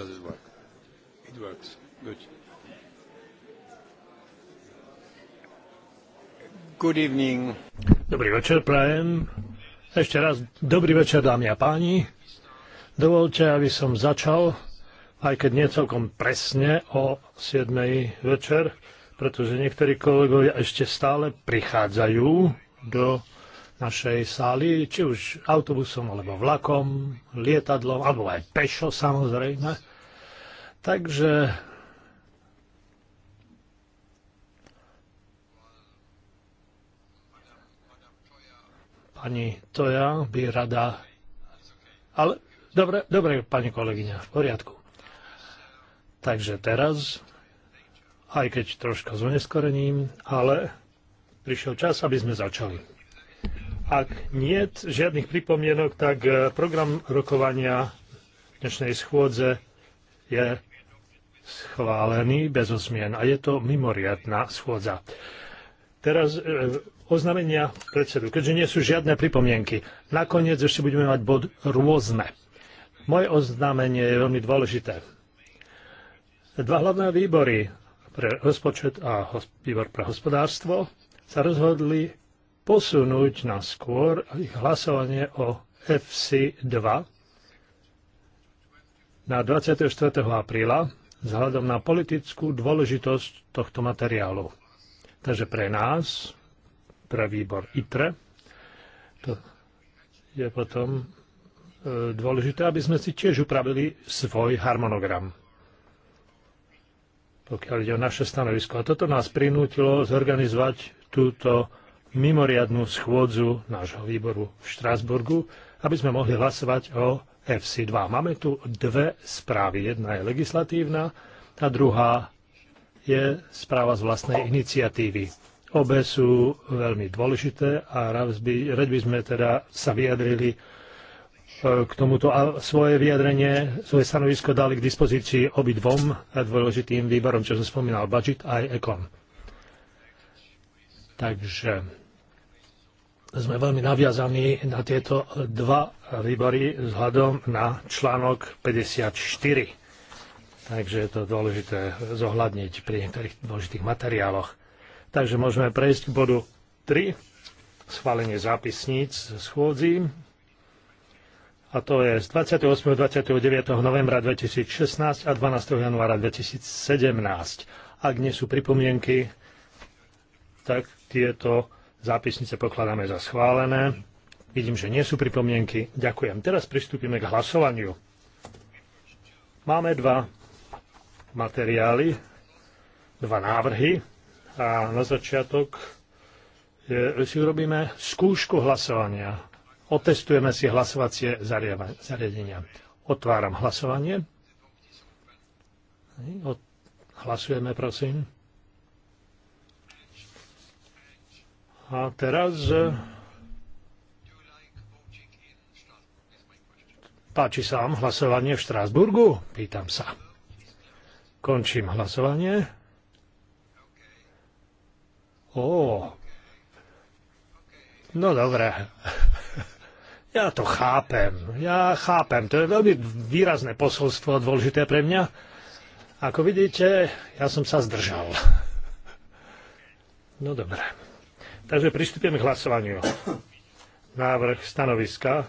Does it work? It works. Good. Good evening. Dobrý večer, prajem. Ešte raz dobrý večer, dámy a páni. Dovolte, aby som začal, aj keď nie celkom presne o 7. večer, pretože niektorí kolegovia ešte stále prichádzajú do našej sály, či už autobusom, alebo vlakom, lietadlom, alebo aj pešo samozrejme. Takže pani Toja by rada... Ale dobre, dobre, pani kolegyňa, v poriadku. Takže teraz, aj keď troška s oneskorením, ale prišiel čas, aby sme začali. Ak nie žiadnych pripomienok, tak eh, program rokovania dnešnej schôdze je schválený bez osmien a je to mimoriadná schôdza. Teraz e, oznámenia predsedu, keďže nie sú žiadne pripomienky. Nakoniec ešte budeme mať bod rôzne. Moje oznámenie je veľmi dôležité. Dva hlavné výbory pre rozpočet a výbor pre hospodárstvo sa rozhodli posunúť na skôr ich hlasovanie o FC2 na 24. apríla vzhľadom na politickú dôležitosť tohto materiálu. Takže pre nás, pre výbor ITRE, to je potom e, dôležité, aby sme si tiež upravili svoj harmonogram pokiaľ ide o naše stanovisko. A toto nás prinútilo zorganizovať túto mimoriadnú schôdzu nášho výboru v Štrásburgu, aby sme mohli hlasovať o FC2. Máme tu dve správy. Jedna je legislatívna, a druhá je správa z vlastnej iniciatívy. Obe sú veľmi dôležité a rád by, by sme teda sa vyjadrili e, k tomuto a svoje vyjadrenie, svoje stanovisko dali k dispozícii obidvom dôležitým výborom, čo som spomínal, budget aj ekon. Takže sme veľmi naviazaní na tieto dva výbory vzhľadom na článok 54. Takže je to dôležité zohľadniť pri niektorých dôležitých materiáloch. Takže môžeme prejsť k bodu 3, schválenie zápisníc schôdzí. A to je z 28. a 29. novembra 2016 a 12. januára 2017. Ak nie sú pripomienky, tak tieto Zápisnice pokladáme za schválené. Vidím, že nie sú pripomienky. Ďakujem. Teraz pristúpime k hlasovaniu. Máme dva materiály, dva návrhy a na začiatok je, si urobíme skúšku hlasovania. Otestujeme si hlasovacie zariadenia. Otváram hlasovanie. Hlasujeme, prosím. A teraz Páči sa vám hlasovanie v Štrásburgu? Pýtam sa. Končím hlasovanie. Ó. No dobre. Ja to chápem. Ja chápem. To je veľmi výrazné posolstvo, dôležité pre mňa. Ako vidíte, ja som sa zdržal. No dobré. Takže pristupujeme k hlasovaniu. Návrh stanoviska,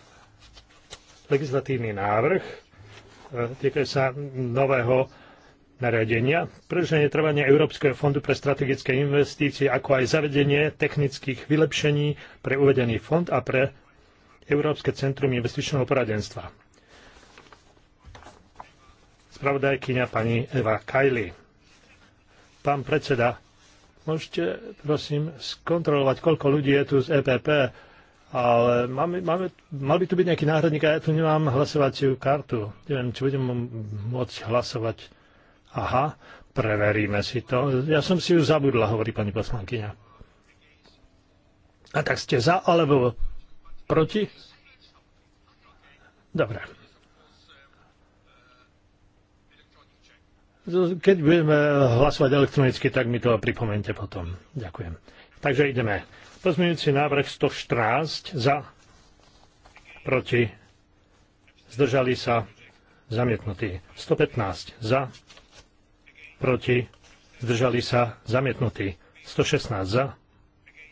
legislatívny návrh, e, týka sa nového nariadenia, preženie trvania Európskeho fondu pre strategické investície, ako aj zavedenie technických vylepšení pre uvedený fond a pre Európske centrum investičného poradenstva. Spravodajkyňa pani Eva Kajli. Pán predseda, Môžete, prosím, skontrolovať, koľko ľudí je tu z EPP, ale máme, máme, mal by tu byť nejaký náhradník a ja tu nemám hlasovaciu kartu. Neviem, či budem môcť hlasovať. Aha, preveríme si to. Ja som si ju zabudla, hovorí pani poslankyňa. A tak ste za alebo proti? Dobre. Keď budeme hlasovať elektronicky, tak mi to pripomente potom. Ďakujem. Takže ideme. Pozmeňujúci návrh 114 za, proti, zdržali sa, zamietnutí. 115 za, proti, zdržali sa, zamietnutí. 116 za,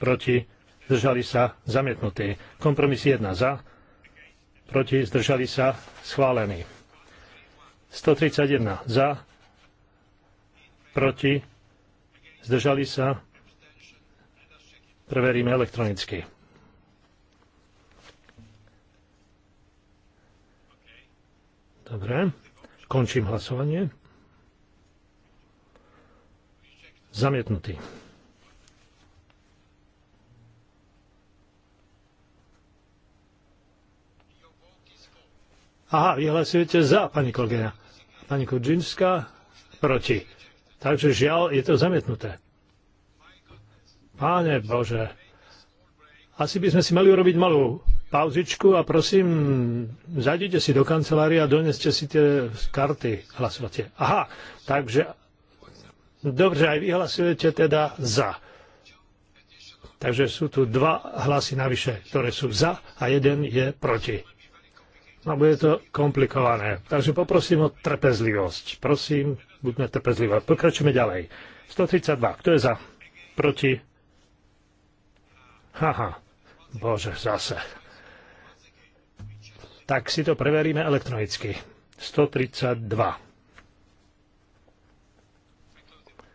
proti, zdržali sa, zamietnutí. Kompromis 1 za, proti, zdržali sa, schválený. 131 za, proti, zdržali sa, preveríme elektronicky. Dobre, končím hlasovanie. Zamietnutý. Aha, vyhlasujete za, pani kolegyňa. Pani Kudžinská proti. Takže žiaľ, je to zamietnuté. Páne Bože, asi by sme si mali urobiť malú pauzičku a prosím, zajdite si do kancelárie a doneste si tie karty hlasovate. Aha, takže dobre, aj vy hlasujete teda za. Takže sú tu dva hlasy navyše, ktoré sú za a jeden je proti. A no, bude to komplikované. Takže poprosím o trpezlivosť. Prosím, buďme trpezliví. Pokračujeme ďalej. 132. Kto je za? Proti? Haha. Bože, zase. Tak si to preveríme elektronicky. 132.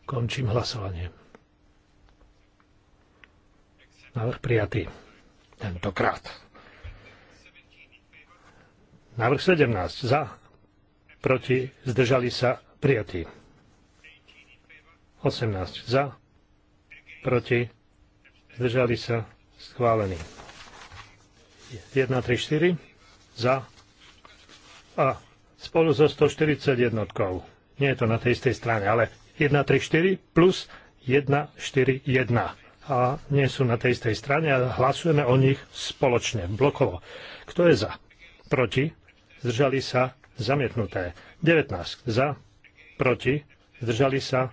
Končím hlasovanie. Návrh prijatý. Tentokrát. Návrh 17. Za, proti, zdržali sa, Prijatý. 18 za, proti, zdržali sa, schválený. 1, 3, 4, za a spolu so 141. Nie je to na tej istej strane, ale 1, 3, 4 plus 1, 4, 1. A nie sú na tej istej strane a hlasujeme o nich spoločne, blokovo. Kto je za? Proti? Zdržali sa? Zamietnuté. 19 za, proti, zdržali sa,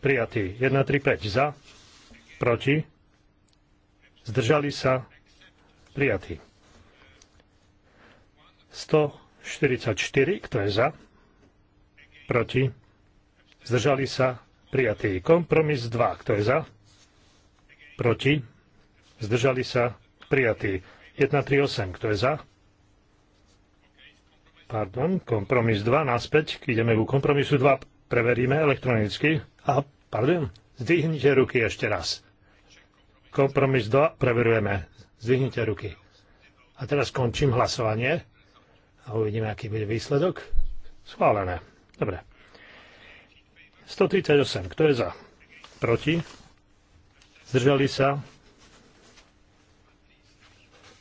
prijatí. 5 za, proti, zdržali sa, prijatí. 144, kto je za, proti, zdržali sa, prijatí. Kompromis 2, kto je za, proti, zdržali sa, prijatí. 8, kto je za, Pardon, kompromis 2 naspäť. Ideme ku kompromisu 2. Preveríme elektronicky. A, pardon, zdvihnite ruky ešte raz. Kompromis 2 preverujeme. Zdvihnite ruky. A teraz končím hlasovanie a uvidíme, aký bude výsledok. Schválené. Dobre. 138. Kto je za? Proti? Zdržali sa?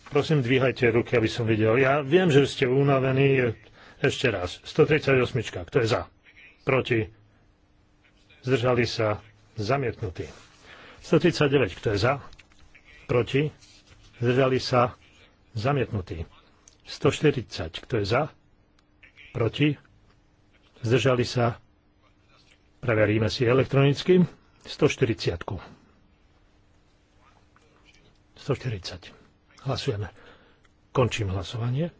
Prosím, dvíhajte ruky, aby som videl. Ja viem, že ste unavení. Ešte raz. 138. Kto je za? Proti? Zdržali sa? Zamietnutí. 139. Kto je za? Proti? Zdržali sa? Zamietnutí. 140. Kto je za? Proti? Zdržali sa? Preveríme si elektronicky. 140. 140. Hlasujeme. Končím hlasovanie.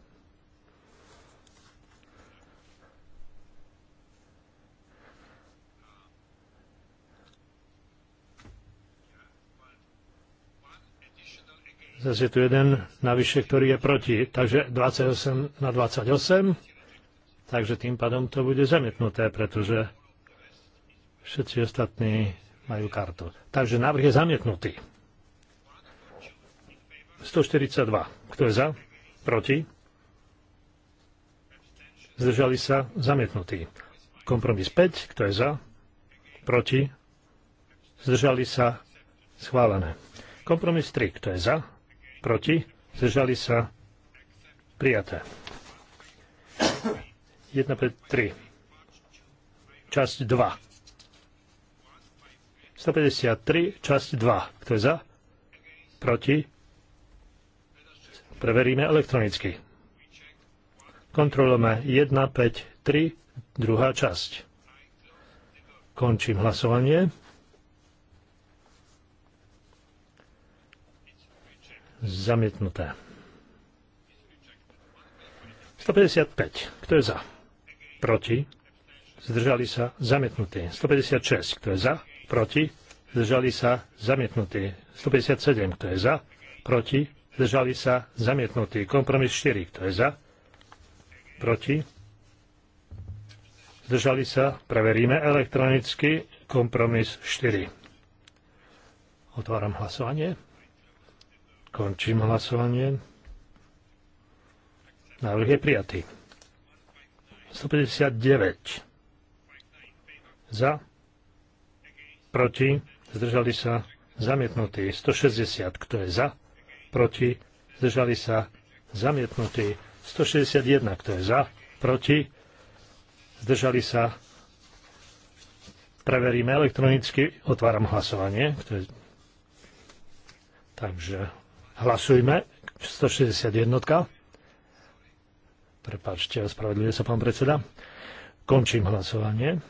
Zase je tu jeden navyše, ktorý je proti. Takže 28 na 28. Takže tým pádom to bude zamietnuté, pretože všetci ostatní majú kartu. Takže návrh je zamietnutý. 142. Kto je za? Proti? Zdržali sa? Zamietnutí. Kompromis 5. Kto je za? Proti? Zdržali sa? Schválené. Kompromis 3. Kto je za? Proti? Zdržali sa? Prijaté. 1, 5, 3. Časť 2. 153, časť 2. Kto je za? Proti? Preveríme elektronicky. Kontrolujeme 1, 5, 3, druhá časť. Končím hlasovanie. Zamietnuté. 155. Kto je za? Proti? Zdržali sa zamietnutí. 156. Kto je za? Proti? Zdržali sa zamietnutí. 157. Kto je za? Proti? zdržali sa, zamietnutý. Kompromis 4, kto je za, proti, zdržali sa, preveríme elektronicky, kompromis 4. Otváram hlasovanie. Končím hlasovanie. Návrh je prijatý. 159 za, proti, zdržali sa, zamietnutý. 160, kto je za, proti, zdržali sa, zamietnutí. 161, kto je za, proti, zdržali sa, preveríme elektronicky, otváram hlasovanie. Kto je... Takže hlasujme, 161. Prepačte, ospravedlňuje sa pán predseda. Končím hlasovanie.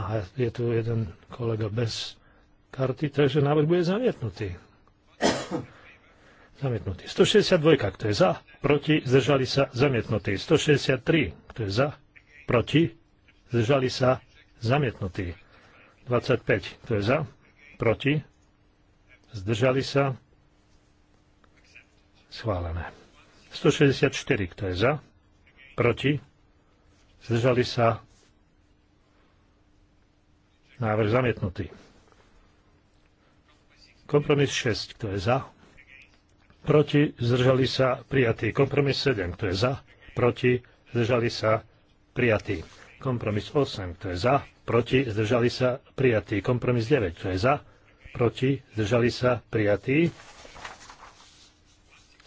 Aha, je tu jeden kolega bez karty, takže návrh bude zamietnutý. zamietnutý. 162, kto je za, proti, zdržali sa, zamietnutý. 163, kto je za, proti, zdržali sa, zamietnutý. 25, kto je za, proti, zdržali sa, schválené. 164, kto je za, proti, zdržali sa, Návrh zamietnutý. Kompromis 6, kto je za? Proti, zdržali sa, prijatý. Kompromis 7, kto je za? Proti, zdržali sa, prijatý. Kompromis 8, kto je za? Proti, zdržali sa, prijatý. Kompromis 9, kto je za? Proti, zdržali sa, prijatý.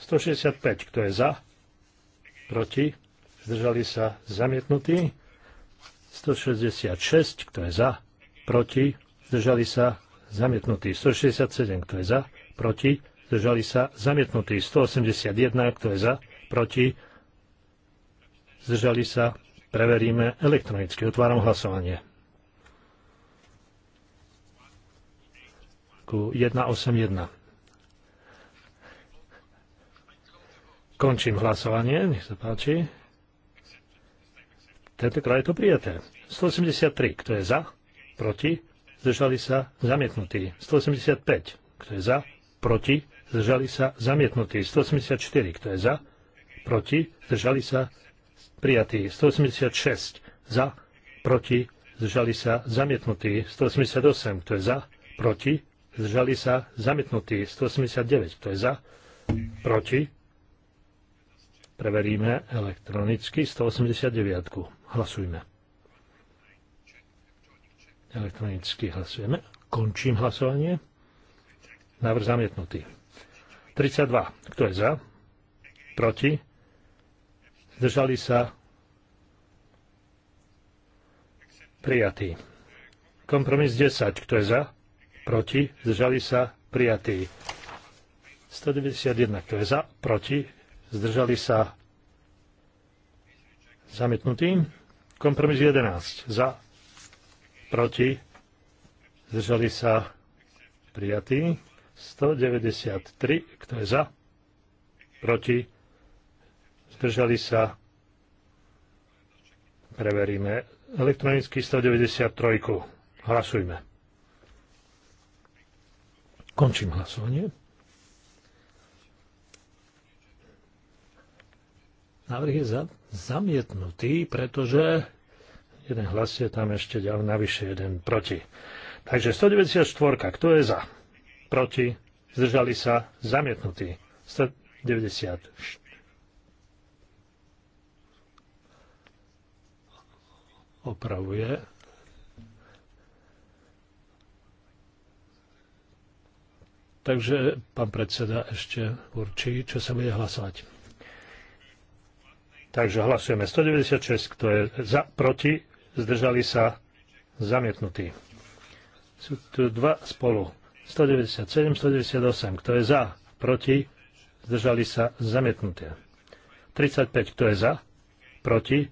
165, kto je za? Proti, zdržali sa, zamietnutý. 166, kto je za? proti, zdržali sa, zamietnutý. 167, kto je za, proti, zdržali sa, zamietnutý. 181, kto je za, proti, zdržali sa, preveríme elektronicky. Otváram hlasovanie. Ku 181. Končím hlasovanie, nech sa páči. Tentokrát je to prijaté. 183, kto je za? proti, zdržali sa, zamietnutí. 185, kto je za, proti, zdržali sa, zamietnutí. 184, kto je za, proti, zdržali sa, prijatí. 186, za, proti, zdržali sa, zamietnutí. 188, kto je za, proti, zdržali sa, zamietnutí. 189, kto je za, proti, preveríme elektronicky 189. Hlasujme. Elektronicky hlasujeme. Končím hlasovanie. Návrh zamietnutý. 32. Kto je za? Proti? Zdržali sa? Prijatý. Kompromis 10. Kto je za? Proti? Zdržali sa? Prijatý. 191. Kto je za? Proti? Zdržali sa? Zamietnutý. Kompromis 11. Za? proti, zdržali sa prijatí. 193, kto je za, proti, zdržali sa, preveríme, elektronicky 193. Hlasujme. Končím hlasovanie. Návrh je za, zamietnutý, pretože jeden hlas je tam ešte ďalej, navyše jeden proti. Takže 194, kto je za? Proti, zdržali sa, zamietnutí. 190. Opravuje. Takže pán predseda ešte určí, čo sa bude hlasovať. Takže hlasujeme 196, kto je za, proti, zdržali sa, zamietnutí. Sú tu dva spolu. 197, 198. Kto je za, proti, zdržali sa, zamietnutia. 35. Kto je za, proti,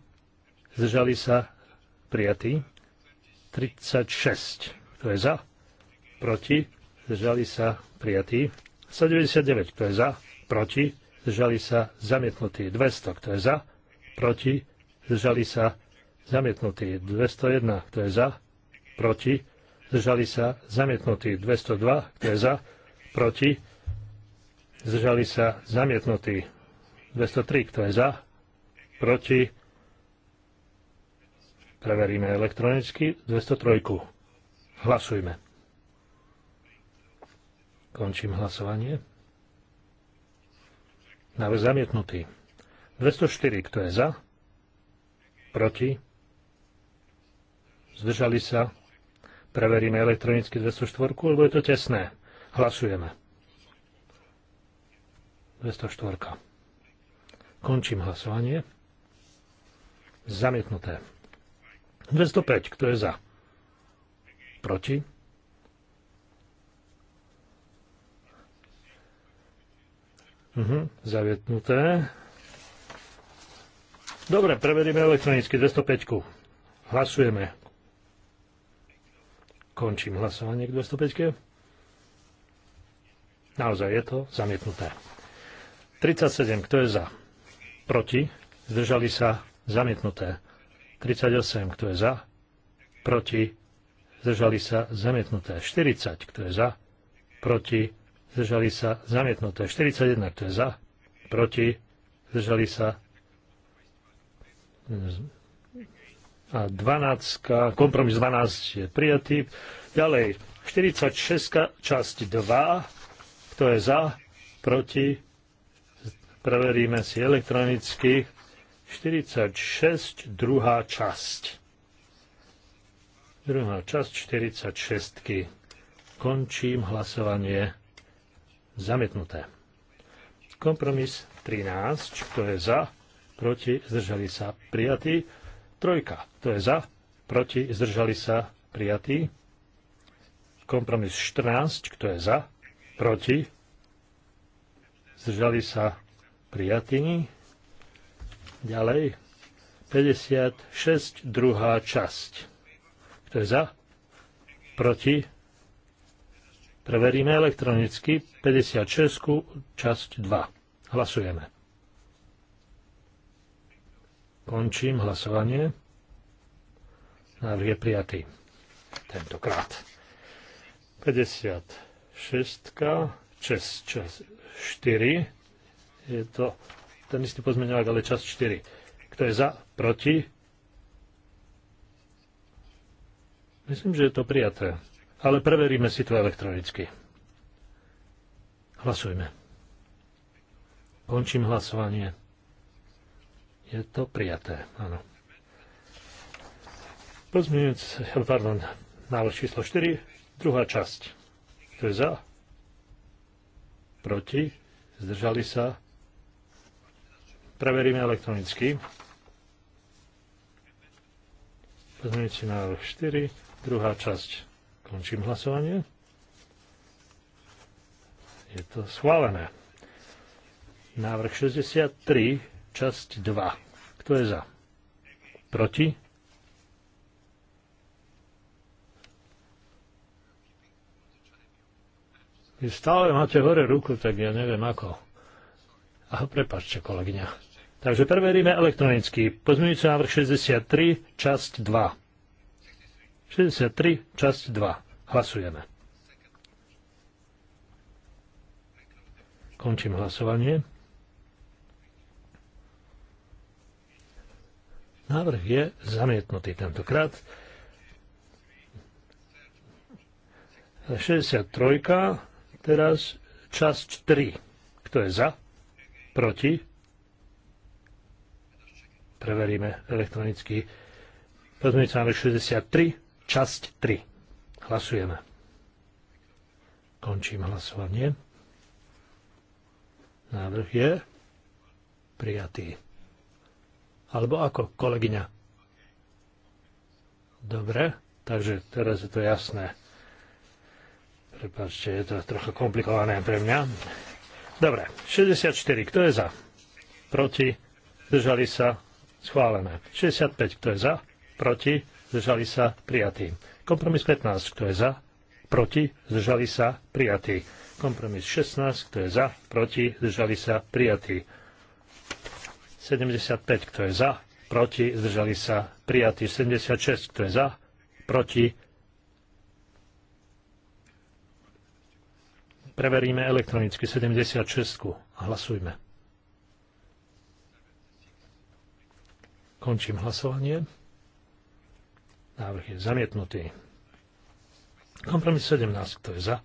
zdržali sa, prijatí. 36. Kto je za, proti, zdržali sa, prijatí. 199. Kto je za, proti, zdržali sa, zamietnutí. 200. Kto je za, proti, zdržali sa, prijatí zamietnutý. 201, kto je za, proti, zdržali sa, zamietnutý. 202, kto je za, proti, zdržali sa, zamietnutý. 203, kto je za, proti, preveríme elektronicky, 203. Hlasujme. Končím hlasovanie. Návrh zamietnutý. 204, kto je za? Proti? zdržali sa, preveríme elektronicky 204, lebo je to tesné. Hlasujeme. 204. Končím hlasovanie. Zamietnuté. 205. Kto je za? Proti? Mhm, zavietnuté. Dobre, preveríme elektronicky 205. Hlasujeme. Končím hlasovanie k 205. Naozaj je to zamietnuté. 37. Kto je za? Proti? Zdržali sa? Zamietnuté. 38. Kto je za? Proti? Zdržali sa? Zamietnuté. 40. Kto je za? Proti? Zdržali sa? Zamietnuté. 41. Kto je za? Proti? Zdržali sa? a 12, kompromis 12 je prijatý. Ďalej, 46, časť 2, kto je za, proti, preveríme si elektronicky, 46, druhá časť. Druhá časť 46. Končím hlasovanie zamietnuté. Kompromis 13, kto je za, proti, zdržali sa prijatí. Trojka. To je za, proti, zdržali sa, prijatí. Kompromis 14. Kto je za, proti, zdržali sa, prijatí. Ďalej. 56. Druhá časť. Kto je za, proti, preveríme elektronicky 56. časť 2. Hlasujeme. Končím hlasovanie. Návrh je prijatý. Tentokrát. 56. 6, čas 4. Je to ten istý pozmeňovák, ale čas 4. Kto je za? Proti? Myslím, že je to prijaté. Ale preveríme si to elektronicky. Hlasujme. Končím hlasovanie. Je to prijaté, áno. Pozmienujúc, pardon, návrh číslo 4, druhá časť. Kto je za? Proti? Zdržali sa? Preveríme elektronicky. Pozmeňujúci návrh 4, druhá časť. Končím hlasovanie. Je to schválené. Návrh 63 časť 2. Kto je za? Proti? Vy stále máte hore ruku, tak ja neviem ako. A prepačte, kolegyňa. Takže preveríme elektronicky. Pozmeňujúci návrh 63, časť 2. 63, časť 2. Hlasujeme. Končím hlasovanie. Návrh je zamietnutý tentokrát. 63. Teraz časť 3. Kto je za? Proti? Preveríme elektronicky. Pozmeňujúci máme 63, časť 3. Hlasujeme. Končím hlasovanie. Návrh je prijatý. Alebo ako, kolegyňa? Dobre, takže teraz je to jasné. Prepačte, je to trochu komplikované pre mňa. Dobre, 64, kto je za? Proti, držali sa, schválené. 65, kto je za? Proti, držali sa, prijatý. Kompromis 15, kto je za? Proti, zdržali sa, prijatý. Kompromis 16, kto je za? Proti, zdržali sa, prijatý. 75, kto je za, proti, zdržali sa prijatí. 76, kto je za, proti. Preveríme elektronicky 76 a hlasujme. Končím hlasovanie. Návrh je zamietnutý. Kompromis 17, kto je za,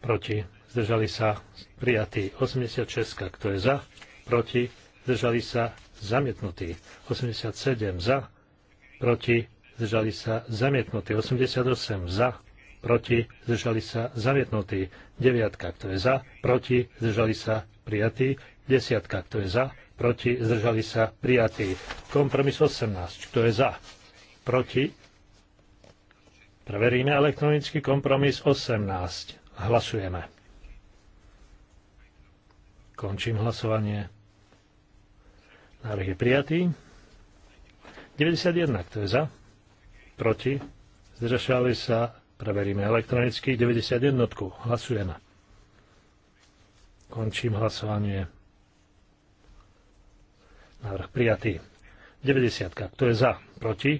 proti, zdržali sa prijatí. 86, kto je za, proti, zdržali sa zamietnutí. 87 za, proti, zdržali sa zamietnutí. 88 za, proti, zdržali sa zamietnutí. 9, kto je za, proti, zdržali sa prijatí. 10, kto je za, proti, zdržali sa prijatí. Kompromis 18, kto je za, proti. Preveríme elektronický kompromis 18. Hlasujeme. Končím hlasovanie. Návrh je prijatý. 91, kto je za? Proti? Zdržali sa? Preveríme elektronicky. 91. Hlasujeme. Končím hlasovanie. Návrh prijatý. 90. Kto je za? Proti?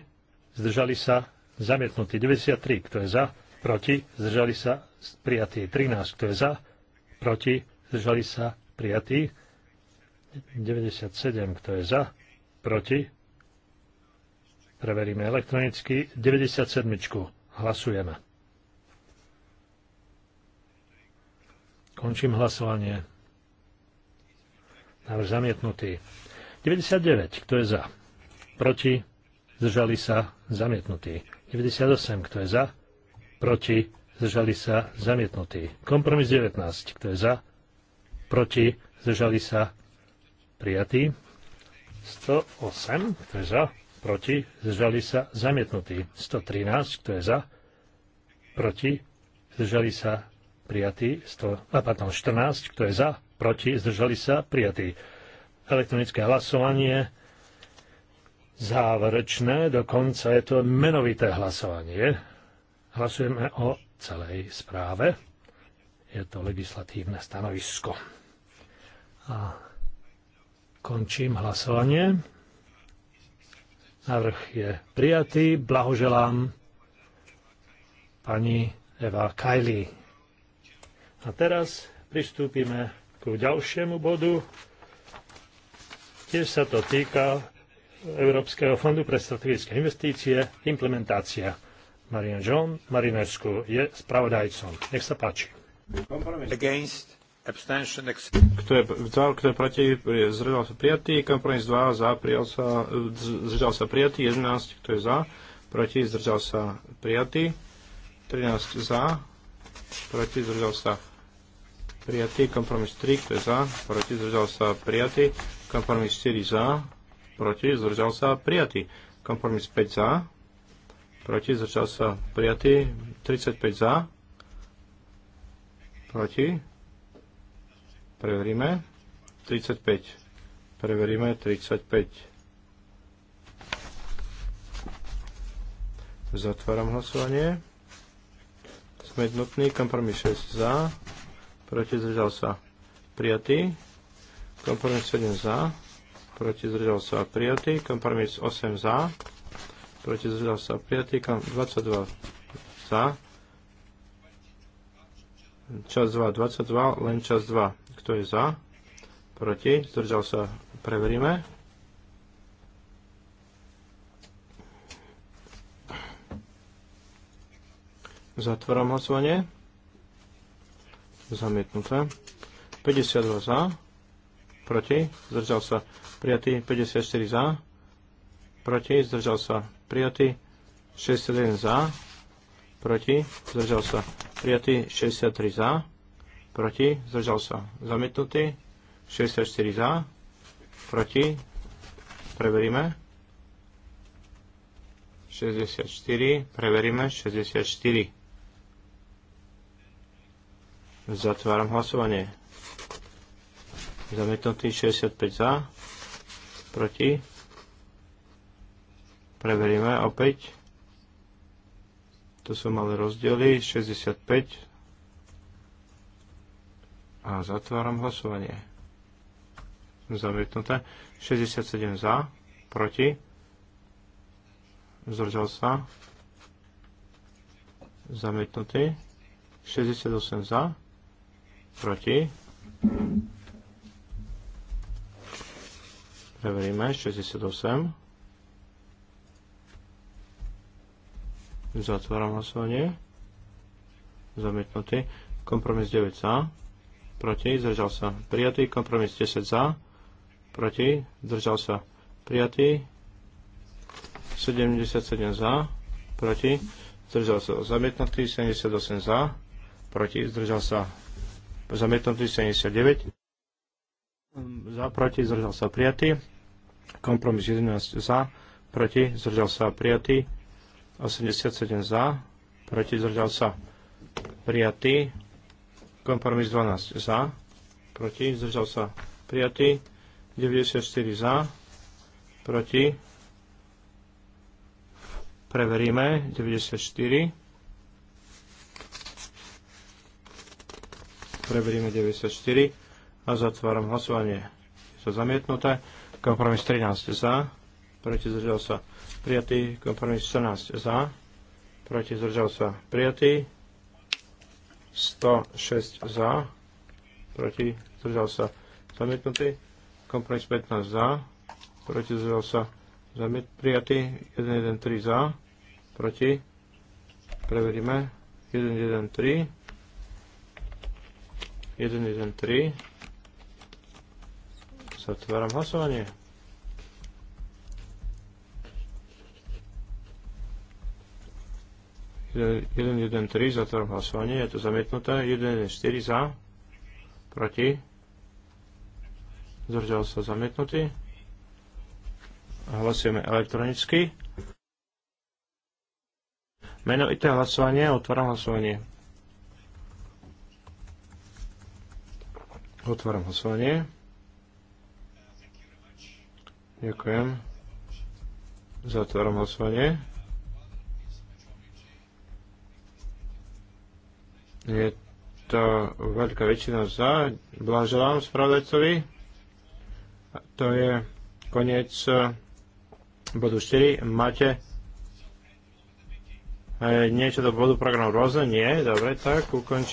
Zdržali sa? Zamietnutý. 93. Kto je za? Proti? Zdržali sa? Prijatý. 13. Kto je za? Proti? Zdržali sa? Prijatý. 97, kto je za, proti. Preveríme elektronicky. 97. Hlasujeme. Končím hlasovanie. Návrh zamietnutý. 99. Kto je za? Proti? Zdržali sa? Zamietnutý. 98. Kto je za? Proti? Zdržali sa? Zamietnutý. Kompromis 19. Kto je za? Proti? Zdržali sa? prijatý. 108, kto je za, proti, zdržali sa, zamietnutý. 113, kto je za, proti, zdržali sa, prijatý. 100, a pardon, 14, kto je za, proti, zdržali sa, prijatý. Elektronické hlasovanie, záverečné, dokonca je to menovité hlasovanie. Hlasujeme o celej správe. Je to legislatívne stanovisko. A Končím hlasovanie. Návrh je prijatý. Blahoželám pani Eva Kajli. A teraz pristúpime ku ďalšiemu bodu. Tiež sa to týka Európskeho fondu pre strategické investície, implementácia. Marina John Marinescu je spravodajcom. Nech sa páči. Against. Kto je za, kto je proti, zdržal sa prijatý. Kompromis 2 za, prijal sa, zdržal sa prijatý. 11, kto je za, proti, zdržal sa prijatý. 13 za, proti, zdržal sa prijatý. Kompromis 3, kto je za, proti, zdržal sa prijatý. Kompromis 4 za, proti, zdržal sa prijatý. Kompromis 5 za, proti, zdržal sa prijatý. 35 za, proti, Preveríme. 35. Preveríme. 35. Zatváram hlasovanie. Sme jednotní. Kompromis 6 za. Proti zdržal sa. Prijatý. Kompromis 7 za. Proti zdržal sa. Prijatý. Kompromis 8 za. Proti zdržal sa. Prijatý. 22 za. Čas 2, 22, len čas 2. Kto je za? Proti? Zdržal sa? Preveríme. Zatváram hlasovanie. Zamietnuté. 52 za. Proti. Zdržal sa. Prijatý. 54 za. Proti. Zdržal sa. Prijatý. 61 za. Proti. Zdržal sa. Prijatý. 63 za proti, zdržal sa zamietnutý, 64 za, proti, preveríme, 64, preveríme, 64. Zatváram hlasovanie. Zamietnutý 65 za, proti, preveríme opäť, to sú malé rozdiely, 65 a zatváram hlasovanie. Zamietnuté. 67 za, proti. Zdržal sa. Zamietnutý. 68 za, proti. Preveríme 68. Zatváram hlasovanie. Zamietnutý. Kompromis 9 za proti, zdržal sa prijatý. Kompromis 10 za, proti, zdržal sa prijatý. 77 za, proti, zdržal sa zamietnutý. 78 za, proti, zdržal sa zamietnutý. 79 za, proti, zdržal sa prijatý. Kompromis 11 za, proti, zdržal sa prijatý. 87 za, proti, zdržal sa prijatý. Kompromis 12 za, proti, zdržal sa prijatý. 94 za, proti. Preveríme 94. Preveríme 94 a zatváram hlasovanie. Je to zamietnuté. Kompromis 13 za, proti zdržal sa prijatý. Kompromis 14 za, proti zdržal sa prijatý. 106 za, proti, zdržal sa zamietnutý, kompromis 15 za, proti, zdržal sa zamiet, prijatý, 113 za, proti, preveríme, 113, 113, zatváram hlasovanie. 113 zatváram hlasovanie, je to zamietnuté. 114 za, proti, zdržal sa zamietnutý. Hlasujeme elektronicky. Menovité hlasovanie, otváram hlasovanie. Otváram hlasovanie. Ďakujem. Zatváram hlasovanie. Je to veľká väčšina za. Blaželám spravodajcovi. To je koniec e, bodu 4. Máte e, niečo do bodu programu rôzne? Nie? Dobre, tak ukončím.